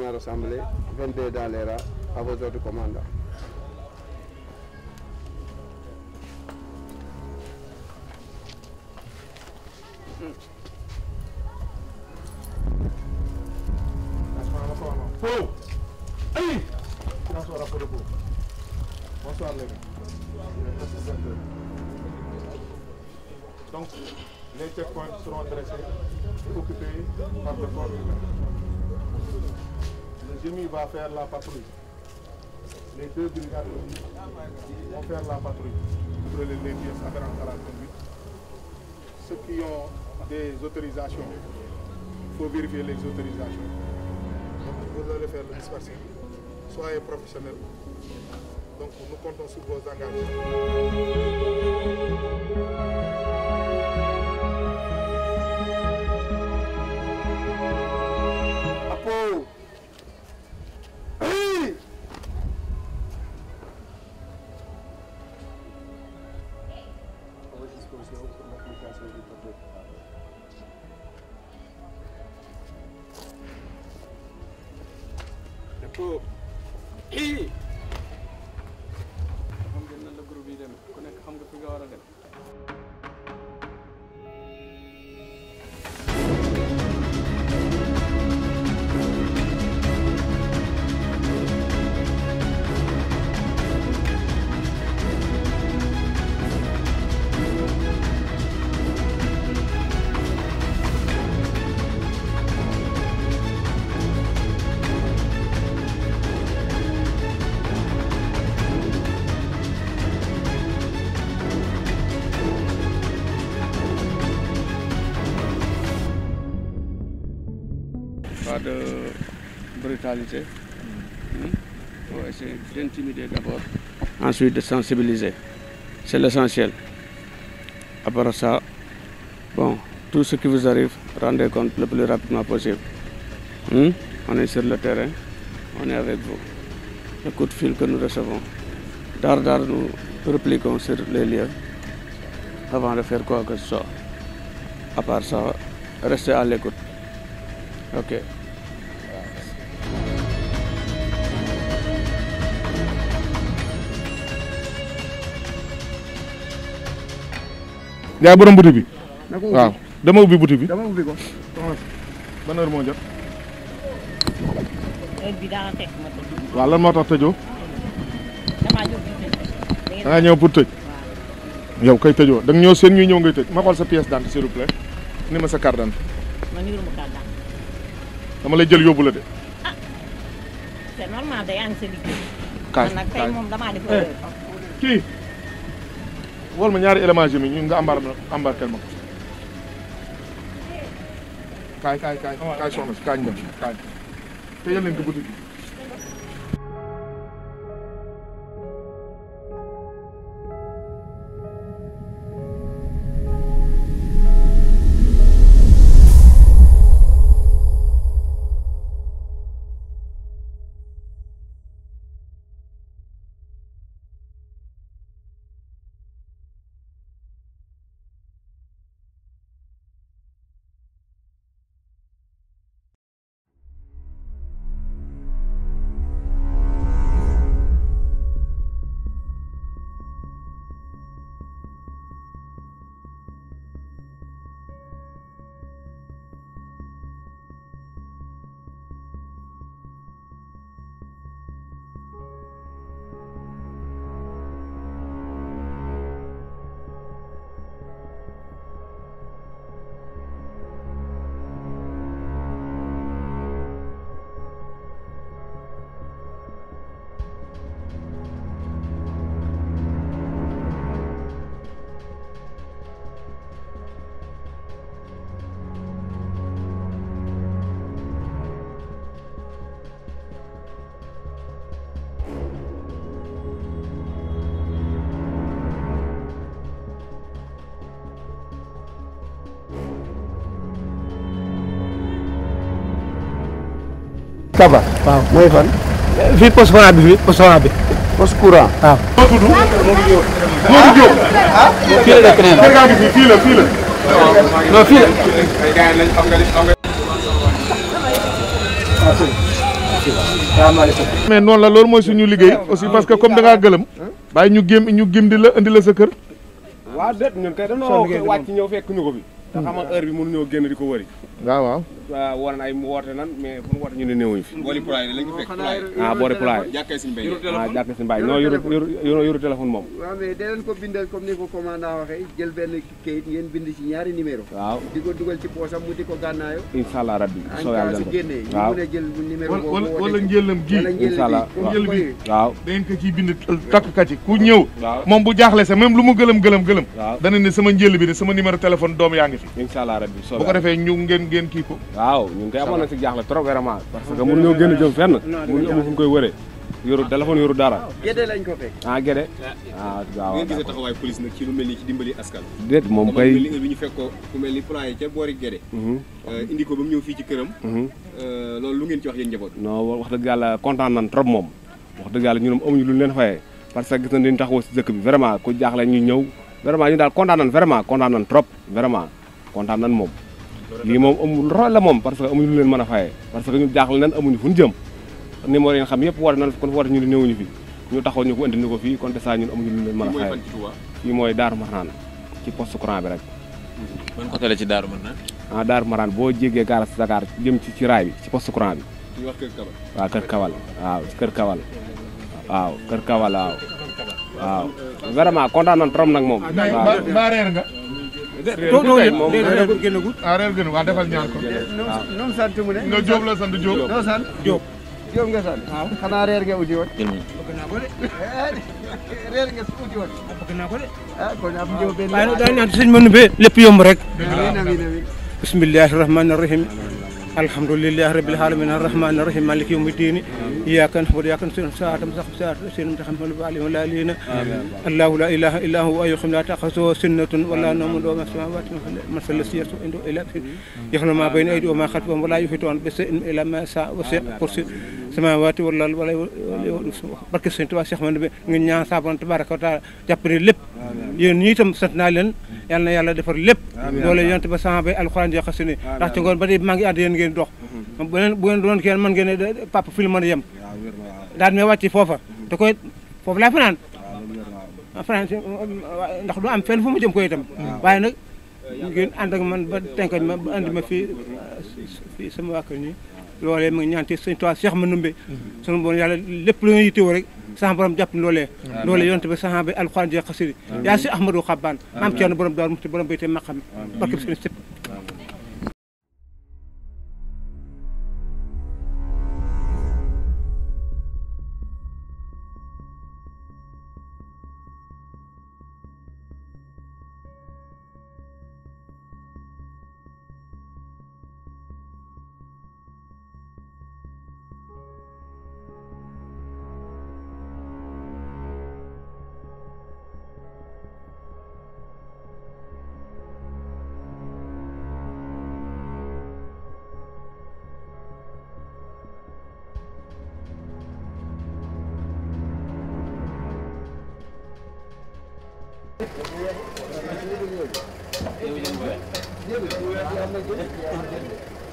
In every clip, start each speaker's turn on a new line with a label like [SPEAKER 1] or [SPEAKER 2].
[SPEAKER 1] département rassemblés, 22 dans les rats, à vos autres commandants.
[SPEAKER 2] Bonsoir les gars. Donc, les checkpoints seront dressés et occupés par le corps humain. Jimmy va faire la patrouille. Les deux brigades vont faire la patrouille pour les pièces afférentes à la conduite. Ceux qui ont des autorisations, il faut vérifier les autorisations. Donc vous allez faire le dispersé. Soyez professionnels. Donc nous
[SPEAKER 3] comptons sur vos He de
[SPEAKER 1] brutalité. Hmm? ensuite de sensibiliser. C'est l'essentiel. Après ça, tout ce qui vous arrive, rendez compte le plus rapidement possible. Hum? On est sur le terrain, on est avec vous. Le coup de fil que nous recevons, d'art d'art, nous repliquons sur les lieux avant de faire quoi que ce soit.
[SPEAKER 3] À ça, restez à l'écoute. Ok.
[SPEAKER 2] yaay borom boutique bi. waaw dama ubbi boutique bi. dama ubbi ko. ban waaw lan moo tax tëjoo.
[SPEAKER 3] damaa
[SPEAKER 2] ñëw pour pour tëj. yow kay tëjoo da ñëw seen ñuy ñëw ngay tëj ma xool sa pièce d'identité s'il vous plaît ni ma sa carte
[SPEAKER 3] d'identité.
[SPEAKER 2] dama lay jël yóbbu la de. ah
[SPEAKER 3] c'est normal day eh,
[SPEAKER 2] kii. wol ma ñaari élément jimi ñu nga embar embarqué ma ko kaay kaay kaay kaay soxna si kaay ñu dem kaay
[SPEAKER 3] te yéen leen ko boutique Kaba. waaw mooy fan. fii poste courant bi fii poste courant bi. poste courant. waaw. moo tudd. Modou Diop. Ah? fii la fii
[SPEAKER 1] la fii fii
[SPEAKER 2] mais noonu la loolu mooy suñu liggéey aussi parce que comme da ngaa gëlëm bàyyi ñu gém ñu gém di la indi sa kër.
[SPEAKER 1] waaw déet ko bi te xamal heure bi mënuñoo génn di ko wëri. waaw waaw. waaw woo nañ ay woote nan mais bu ñu woote ñu ne néewuñu fi. boori pulaay lañ fekk pulaay. ah boori pulaay. jàkkee suñu mbéy mi ah jàkkee suñu mbéy mi non yoru yoru téléphone moom. waaw mais da leen ko bindal comme ni ko commandant waxee jël benn kayit ngeen bind ci ñaari numéro. waaw di ko dugal ci poosam mu di ko gànnaayoo.
[SPEAKER 2] incha allah rabbi soo yàlla dem ko waaw ñu mën a jël numéro boobu wala wala njëlam gi. incha allah waaw njël bi waaw. da ngeen ko ciy bind takkat yi ku ñëw. waaw moom bu jaaxle sa même lu mu gëlëm gëlëm gëlëm. waaw dana ne sama njël bi ne sama numéro téléphone doom yaa ngi ci incha allah rabbi bu ko defee ñu ngeen ngeen kii ko
[SPEAKER 1] waaw ñun koy amoon jaaxle trop vraiment parce que mënuñoo gën a jëm fenn mënuñu amul fu ñu koy wëree yoru téléphone yoru dara
[SPEAKER 2] ah, lañ ko fekk
[SPEAKER 1] ah gédé ah, ah waaw ngeen gisee taxawaay police ci lu mel ni ci dimbali askan déet moom kay ñu fekk ko ku ni plan yi ca boori gédé mhm. euh, indi ko ba mu ñëw fii ci këram mhm. euh, loolu lu ngeen ci wax yéen njaboot non wax dëgg yàlla kontaan nañ trop moom wax dëgg yàlla ñu moom amuñu lu leen fayee parce que gis nañ dañ taxawoo si dëkk bi vraiment ku jaaxle ñu ñëw vraiment ñu daal kontaan vraiment kontaan trop vraiment kontaan nan moom lii moom amul rôle la moom parce que amuñu lu leen man a fayee parce que ñu jaaxle nan amuñu fu ñu jëm numéro yi xam yëpp woote nan kon woote ñu ñëwuñu fi ñu taxoon ñu ko indi ni ko fi kon te saa ñun amuñu lu leen mën a fayee fii mooy Daaru Marnaan ci poste courant bi rek ban côté la ci Daaru Marnaan ah Daaru Marnaan boo jégee gaara Dakar jëm ci ci raay bi ci poste courant bi waaw kër kawal kër kawal waaw kër kawal moom waaw
[SPEAKER 2] ah réer gënu waaw defal ñaan ko. noonu
[SPEAKER 1] ah. sant mu ne. nga Diop la sant Diop. noo sant Diop. Diop nga sant. waaw ah. ah, xanaa réer eh, nga uti woon. bëgg naa ko de.
[SPEAKER 3] réer nga si uti woon. bëgg naa rek. bismillahi rahmaani alhamdulilah rabil alamin arrahmani rahim malik yawmi diini iyyaka na'budu wa iyyaka nasta'in siraatal mustaqiim siraatal allahu la ilaha illa huwa yuhyi la ta'khudhuhu sinatun wa la nawmun lahu ma fis samawati wa ma fil ardi yas'alu ila ya'lamu ma bayna ma khalfahum wa la yuhituna bi shay'in illa ma sha'a wa wasi'a kursiyyuhu samawati wal ardi wa la barke Sëñ Tuubaa Cheikh Ahmadou bi ngeen ñaan sa Boroom wa taala jàpp ne lépp yéen ñi itam naa leen yal na yàlla defar lép loolu yonte ba sama bay alxuraan yoo xam ne ndax ci ngoon ba tey maa ngi ànd yéen ngeen dox bu ngeen bu doon kenn mën ngeen ne papa fi lu mën a yem daal may wàcc foofa te koy foofu laa fanaan ah, fanaan ndax du am fen fu ma jëm koy itam waaye nag ngeen ànd ak man ba tenkoñ ma ba andi ma fi ah, fii sama waa ñi loolee mu ngi ñaan ci sëñ Tuubaa Cheikh Manoumbe sunu bon yàlla lépp lu nga yittewoo rek sax borom jàpp loolee loolee yonte bi sax bi alxuraan ji xasiri yaa si ahmadou xabbaan maam Ceerno borom daar mu borom béy te maqam barke bi sëñ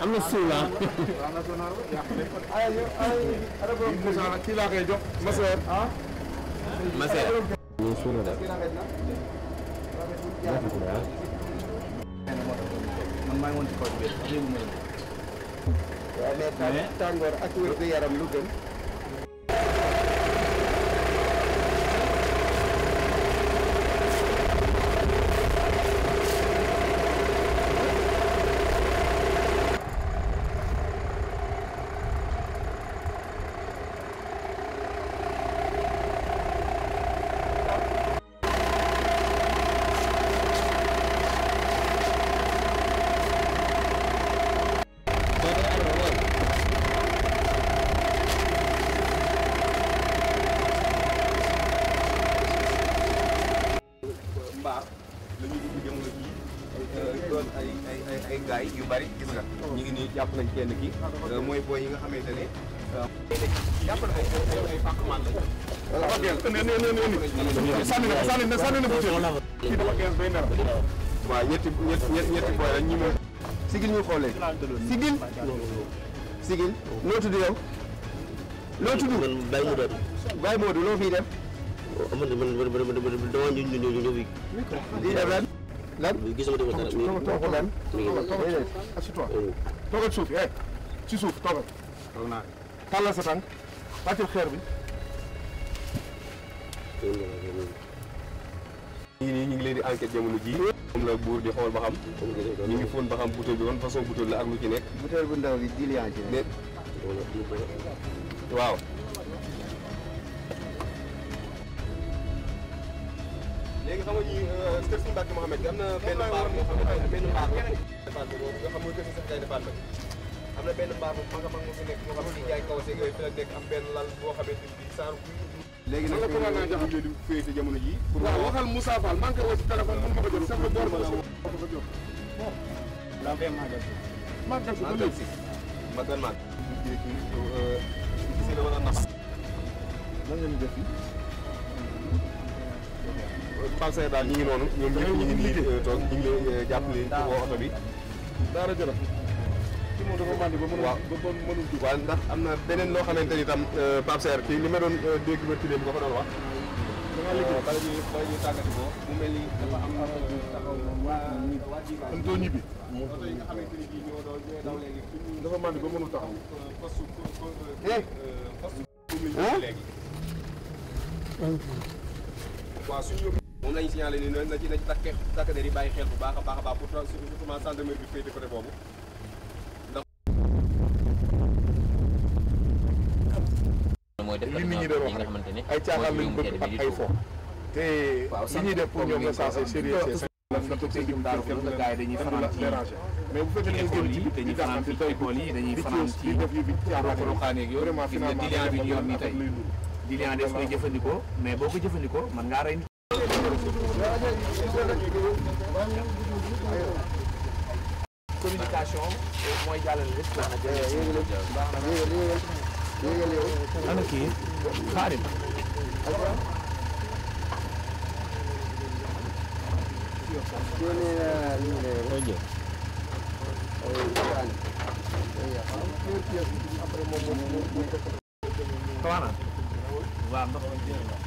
[SPEAKER 3] am na suula.
[SPEAKER 2] Ah. kii Maseer. Maseer.
[SPEAKER 1] tàngoor ak wér gu yaram lu gën. kenn ki mooy booy yi nga xamante ne. jàppal ko ay fàqman lañ. voilà wax ngeen ne ne ne
[SPEAKER 2] ne sànni na sànni na sànni na bu
[SPEAKER 1] tëdd. kii dafa gën bay nar. waaw ñetti ñetti ñetti booy lañ ñi moom. sigil ñu xoolee. sigil. sigil noo tudd yow. loo tudd Baye Modou. Baye Modou loo fiy def. man man man man damaa ñëw ñëw ñëw ñëw. lan gisuma déglu dara toogal toogal
[SPEAKER 2] lan toogal assis-toi toogal suuf eh ci suuf toogal. toog naa tàllal sa tànk wàccal xeer bi.
[SPEAKER 1] ñii nii ñu ngi leen di enquête jamono ji moom la buur di xool ba xam. ñu ngi fóon ba xam butéel bi ban façon butéel la ak lu ci nekk. butéel bu ndaw bi diluant ci nekk. waaw. léegi xam nga ñii euh, kër suñu Mbàkke Mouhamed na benn mbaar boo xam ne benn mbaar boobu nga xam mooy sax kay defaat am na benn mbaar boobu ma nga mag moo fi nekk moo xam ne jaay kaw seeg yooyu fi la nekk am benn lal boo xamante ni bii saaru léegi nag ko nga jox lu féete jamono ji pour waaw waxal
[SPEAKER 2] Moussa Fall man ko woo si téléphone mën ma ko jot sax la boor ma la woo ma ko jot la si magal si
[SPEAKER 1] magal magal si la wala nafa lan parcelle daal ñu ngi noonu ñoom ñëpp ñu euh, toog ñu euh, jàpp ni woo oto bi daara jërëjëf ci moom dafa màndi ba mënul waaw ba mënul jub waaw ndax am na beneen loo xamante ni tam euh, Pape Serre ci li ma doon dégg ba ci léegi nga ko doon wax dama liggéey bala ñuy mu mel ni dafa am taxaw waa waa jiibaay am too lañ signalé nii a a baax pour surtout gendarmerie bi féete côté boobu
[SPEAKER 3] ndax
[SPEAKER 2] mooy def li nit ñi doon wax rek ay caaxaan lañ bëgg ak ay fo te li ñuy def pour ñoom nga sensé sérieux dañuy faral ci mais bu fekkee yi dañuy fanaan ci école yi dañuy fanaan ci ruqaan yeeg yooyu vraiment finalement di leen bi jëfandikoo mais boo ko jëfandikoo mën ngaa
[SPEAKER 3] rey
[SPEAKER 1] communication mooy jàllale lépp baax na jërëjëf. ana kii xaarim.
[SPEAKER 2] kawana. waaw ndox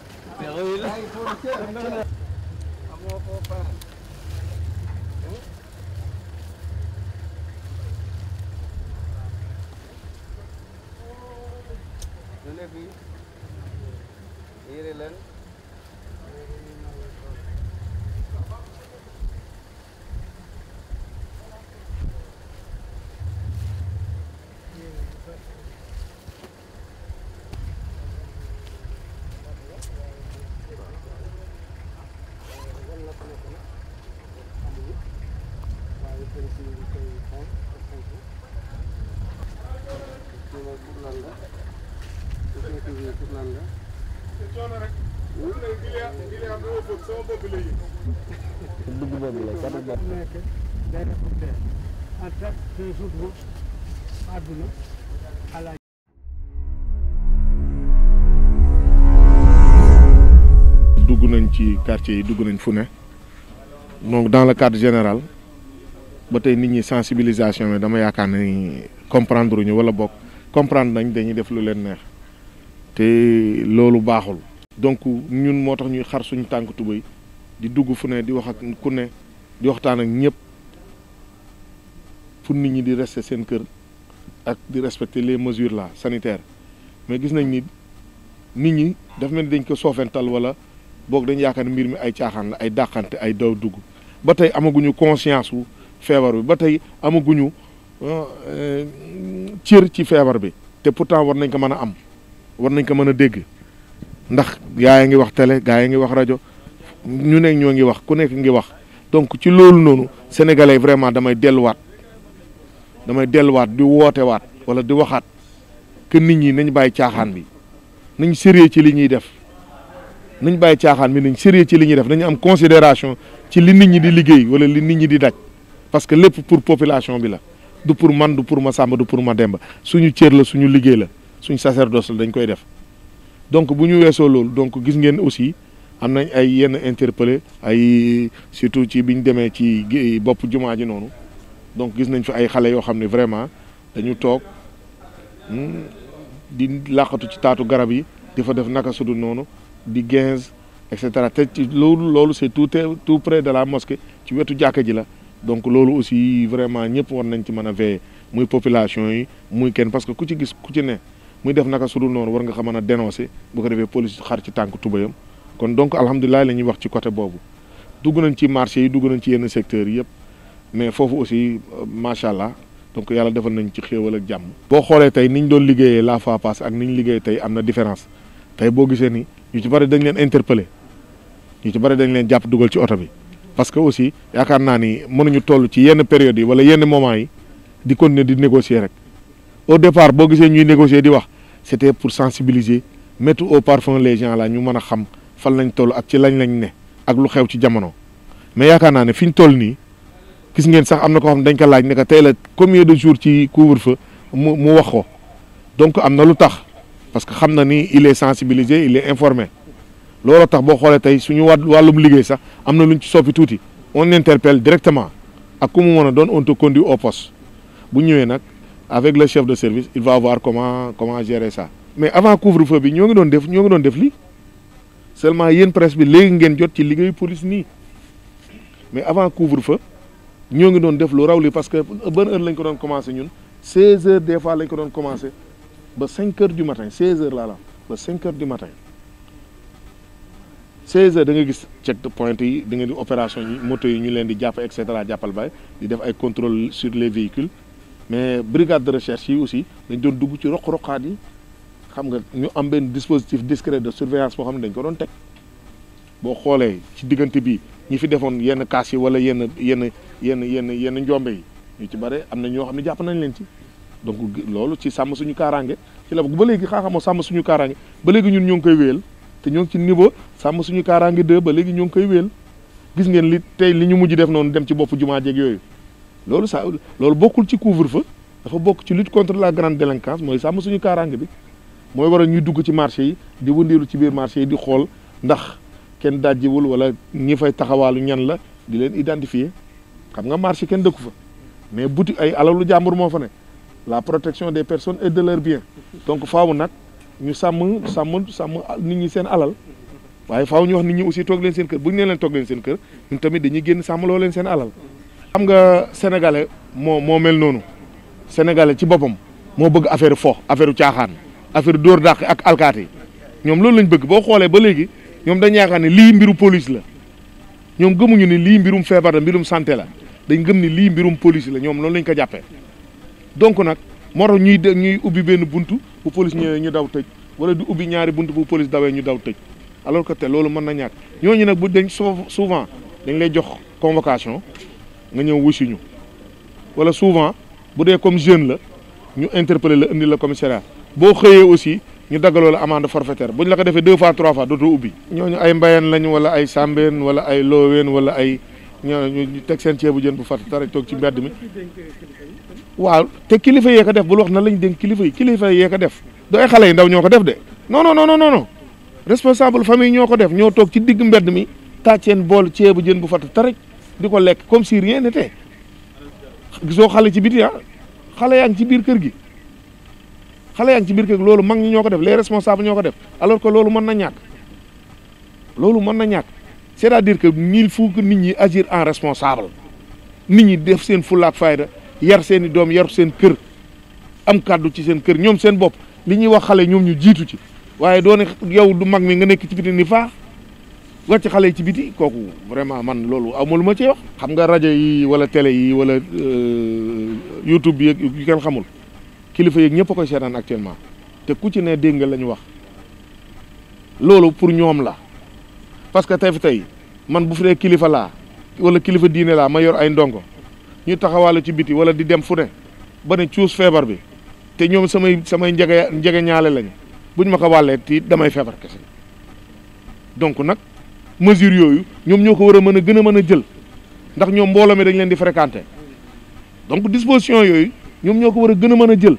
[SPEAKER 3] Peril. Amoo foo fanaan.
[SPEAKER 1] lu ne fii yére lan
[SPEAKER 2] dugg nañ ci quartier yi dugg nañ fu ne donc dans le cadre général ba tey nit ñi sensibilisation bi dama yaakaar na ne comprendre ñu wala bokk comprendre nañ dañuy def lu leen neex te loolu baaxul. donc ñun moo tax ñuy xar suñu tànk tubéy di dugg fu ne di wax ak ku ne di waxtaan ak ñëpp pour nit ñi di rester seen kër ak di respecter les mesures là sanitaire mais gis nañ ni nit ñi daf mel dañ ko soofental wala boog dañ yaakaar ne mbir mi ay caaxaan la ay dàqante ay daw dugg ba tey amaguñu conscience wu. feebar bi ba tey amaguñu euh, euh, cër ci feebar bi te pourtant war nañ ko mën a am war nañ ko mën a dégg ndax gaa yi ngi wax télé gaa yi ngi wax rajo ñu ne ñoo ngi wax ku nekk ngi wax donc ci loolu noonu sénégalais vraiment damay delluwaat damay delluwaat di wootewaat wala di waxaat que nit ñi nañ bàyyi caaxaan bi nañ sérieux ci li ñuy def nañ bàyyi caaxaan bi nañ sérieux ci li ñuy def nañ am considération ci li nit ñi di liggéey wala li nit ñi di daj parce que lépp pour population bi la du pour man du pour ma sàmba du pour ma demba suñu cër la suñu liggéey la suñu sacerdoce la dañ koy def donc bu ñu weesoo loolu donc gis ngeen aussi am nañ ay yenn interpellé ay surtout ci bi ñu demee ci bopp jumaa ji noonu donc gis nañ fi ay xale yoo xam ne vraiment dañu toog hmm, di làqatu ci taatu garab yi di fa def naka sudul noonu di ginze et cetera te ci loolu loolu c'est tout tout près de la mosquée ci wetu jàkka ji la donc loolu aussi vraiment ñëpp war nañ ci mën a veiller muy population yi muy kenn parce que ku ci gis ku ci ne muy def naka sudul noonu war nga xam mën a dénoncer bu ko defee police xar ci tànk tubayam kon donc alhamdulilah la ñuy wax ci côté boobu dugg nañ ci marché yi dugg nañ ci yenn secteurs yëpp mais foofu aussi euh, macha allah donc yàlla defal nañ ci xéewal ak jàmm. boo xoolee tey ni ñu doon liggéeyee la fois passée ak ni ñu liggéey tey am na différence tey boo ni ñu ci bari dañ leen interpeller ñu ci bari dañ leen jàpp dugal ci oto bi. parce que aussi yaakaar naa ni mën mënuñu toll ci yenn période yi wala yenn moment yi di continuer di négocier rek au départ boo gisee ñuy négocier di wax c'était pour sensibiliser mettre au parfum les gens là ñu mën a xam fan lañ toll ak ci lañ lañ ne ak lu xew ci jamono mais yaakaar naa ne fi ñu toll nii gis ngeen sax am na ko xam dañ ko laaj ne que tey la combien de jour ci couvre-feu mu mu wax ko donc am na lu tax parce que xam na ni il est sensibilisé il est looloo tax boo xoolee tey suñu wàllum liggéey sax am na lu ñu ci soppi tuuti on interpelle directement ak ku mu mën a doon on te conduit au poste bu ñëwee nag avec le chef de service il va voir comment comment gérer mais avant couvre-feu bi ñoo ngi doon def ñoo ngi doon def lii seulement yéen presse bi léegi ngeen jot ci liggéeyu police nii mais avant couvre-feu ñoo ngi doon def lu raw li parce que bonne heure lañ ko doon commencer ñun 16 heures des fois lañ ko doon commencer ba 5 heures du matin 16 heures laa la 16 heures da nga gis check point yi da nga di opération yi moto yi ñu leen di jàpp et cetera jàppal bay di def ay contrôle sur les véhicules mais brigade de recherche yi aussi dañ doon dugg ci roq-roqaat yi xam nga ñu am benn dispositif discret de surveillance boo xam ne dañ ko doon teg boo xoolee ci diggante bi ñi fi defoon yenn kaas yi wala yenn yenn yenn yenn yenn njombe yi ñu ci bare am na ñoo xam ne jàpp nañ leen ci donc loolu ci sàmm suñu kaaraange ci la ba léegi xaaxamoo sàmm suñu kaaraange ba léegi ñun ñoo ngi koy wéyal te ñoo ngi ci niveau sàmm suñu kaaraange deux ba léegi ñoo ngi koy wéel gis ngeen li tey li ñu mujj def noonu dem ci bopp jumaa jeg yooyu loolu sa loolu bokkul ci couvre fa dafa bokk ci lut contre la grande délinquance mooy sàmm suñu kaaraange bi mooy waral ñuy dugg ci marché yi di wëndeelu ci biir marché yi di xool ndax kenn dajjiwul wala ñi fay taxawaalu ñan la di leen identifier xam nga marché kenn dëkku fa mais boutique ay alalu jàmbur moo fa ne la protection des personnes et de leurs biens donc faaw nag ñu sàmm sàmm sàmm nit ñi seen alal waaye faaw ñu wax nit ñi aussi toog leen seen kër bu ñu nee leen toog leen seen kër ñun tamit dañuy génn sàmm loo leen seen alal. xam nga sénégalais moo moo mel noonu sénégalais ci boppam moo bëgg affaire fo affaire caaxaan affaire dóor dàq ak alkaati ñoom loolu lañ bëgg boo xoolee ba léegi ñoom dañ yaakaar ne lii mbiru police la ñoom gëmuñu ni lii mbirum feebar la mbirum sante la dañ gëm ni lii mbirum police la ñoom loolu lañ ko jàppee donc nag moo tax ñuy ubbi benn buntu. bu police ñu daw tëj wala du ubbi ñaari bunt bu police dawee ñu daw tëj alors que te loolu mën na ñàkk ñooñu nag bu dañ souvent dañ lay jox convocation nga ñëw wusi ñu wala souvent bu dee comme jeune la ñu interpeller la indi la commissariat boo xëyee aussi ñu daggaloo la amende forfeteur bu ñu la ko defee deux fois trois fois dootoo ubbi. ñooñu ay mbayeen lañ wala ay sambeen wala ay looween wala ay. ñu teg seen ceebu jën bu fàtt tara toog ci mbedd mi waaw te kilifa yee ko def bul wax na lañ dénk kilifa yi kilifa yee ko def dooy xale yi ndaw ñoo ko def de non non non non responsable famille ñoo ko def ñoo toog ci digg mbedd mi taaj seen bool ceebu jën bu fàtt taraj di ko lekk comme si rien gisoo xale ci biti ah xale yaa ci biir kër gi xale yaa ci biir kër gi loolu mag ñi ñoo ko def les responsables ñoo ko def alors que loolu mën na ñàkk loolu mën na ñàkk c'est-à-dire que il faut que nit ñi agir en responsable nit ñi def seen fulaak fayda yar seen i doom yar seen kër am kàddu ci seen kër ñoom seen bopp li ñuy wax xale ñoom ñu jiitu ci waaye doone yow du mag mi nga nekk ci biti ni faa wàcc xale yi ci biti kooku vraiment man loolu amul ma ci wax. xam nga rajo yi wala télé yi wala euh, YouTube bi yu kenn xamul kilifa yeeg ñëpp koy seetaan actuellement te ku ci ne dégg nga la ñu wax loolu pour ñoom la. parce que tey fi tey man bu fi dee kilifa laa wala kilifa diine laa ma yor ay ndongo ñu taxawaalu ci biti wala di dem fu ne ba ne cuus feebar bi te ñoom samay samay njege njege ñaale lañu bu ñu ma ko damay feebar donc nag mesure yooyu ñoom ñoo ko war a mën a gën a mën a jël ndax ñoom mbooloo mi dañ leen di fréquenter donc disposition yooyu ñoom ñoo ko war a gën a mën a jël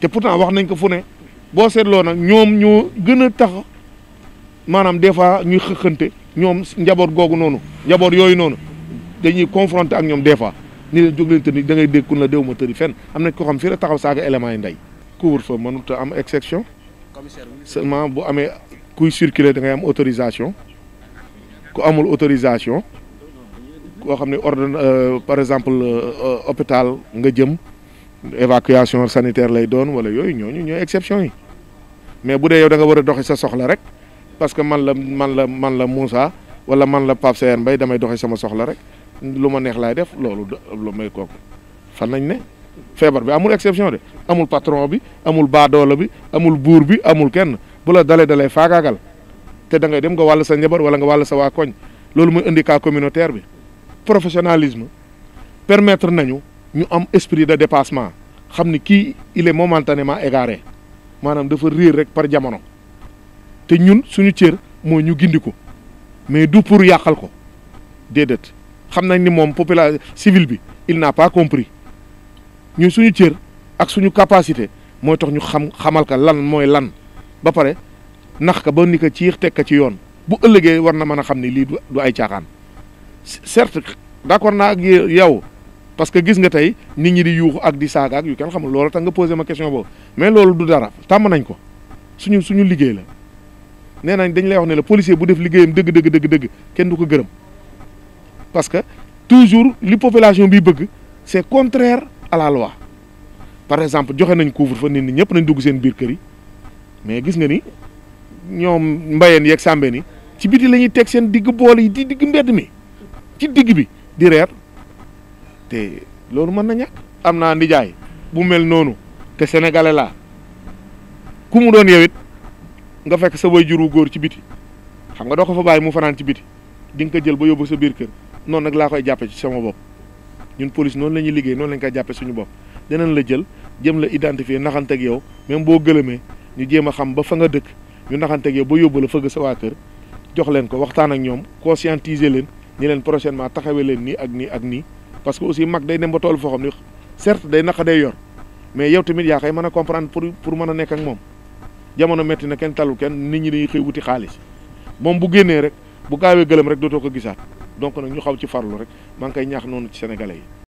[SPEAKER 2] te pourtant wax nañ ko fu ne boo seetloo nag ñoom ñoo gën a tax maanaam des fois ñuy xëqante ñoom njaboot googu noonu njaboot yooyu noonu dañuy confronter ak ñoom des fois ni leen jóg leen tëni da ngay dégg kun la déwuma tëri fenn am na ko xam fii la taxaw saaga éléments yi ndey couvre-feu mënut a am exception seulement bu amee kuy circuler da ngay am autorisation ku amul autorisation koo xam ne ordre euh, par exemple euh, hôpital nga jëm évacuation sanitaire lay doon wala yooyu ñooñu ñooy exception yi mais bu dee yow da nga war a doxi sa soxla rek parce que man la man la man la Moussa wala man la Pape Seyane Mbaye damay doxee sama soxla rek lu ma neex laay def loolu lu may kooku fan nañ ne feebar bi amul exception de amul patron bi amul baadoola bi amul buur bi amul kenn bu la dalee dalee faagaagal te da ngay dem nga wàll sa njabar wala nga wàll sa waa koñ loolu mooy indi cas communautaire bi professionnalisme permettre nañu ñu am esprit de dépassement xam ni kii il est momentanément égaré maanaam dafa riir rek par jamono te ñun suñu cër mooy ñu gindi ko mais du pour yàqal ko déedéet xam nañ ni moom population civile bi il n'a pas compris ñun suñu cër ak suñu capacité mooy tax ñu xam xamal ka lan mooy lan ba pare nax ka ba ni ko ciix teg ka ci yoon bu ëllëgee war na mën a xam ni lii du ay caaxaan certes d'accord naa ak yow parce que gis nga tey nit ñu di yuuxu ak di saaga yu kenn xamul loolu tax nga posé ma question boobu mais loolu du dara tàmm nañ ko suñu suñu liggéey la nee nañ dañ lay wax ne la policier bu def liggéeyam dëgg dëgg dëgg dëgg kenn du ko gërëm parce que toujours li population bi bëgg c'est contraire à la loi par exemple joxe nañ couvre-feu nit ñi ñëpp nañ dugg seen biir kër mais gis nga ni ñoom mbayeen yeeg sàmbe ni ci biti la ñuy teg seen digg bool yi di digg mbedd mi ci digg bi di reer te loolu mën na ñàkk am naa nijaay bu mel noonu te sénégalais laa ku mu doon yow nga fekk sa way juru góor ci biti xam nga doo ko fa bàyyi mu fanaan ci biti dinga ko jël ba yóbbu sa biir kër noonu nag laa koy jàppe ci sama bopp ñun police noonu la ñuy liggéey noonu la ñu koy suñu bopp dinañ la jël jëm la identifier naxante ak yow même boo gëlëmee ñu jéem a xam ba fa nga dëkk ñu naxante ak yow ba yóbbu la fëgg sa waa kër jox leen ko waxtaan ak ñoom conscientiser leen ñi leen prochainement taxawe leen nii ak nii ak nii parce que aussi mag day dem ba tool foo xam ne certes day naqa day yor mais yow tamit yaa koy mën a comprendre pour pour mën a moom jamono métti na kenn talu kenn nit ñi dañuy xëy wuti xaalis moom bu génnee rek bu gaawee gëlëm rek dootoo ko gisaat donc nag ñu xaw ci farlu rek maa ngi koy ñaax noonu ci sénégalais yi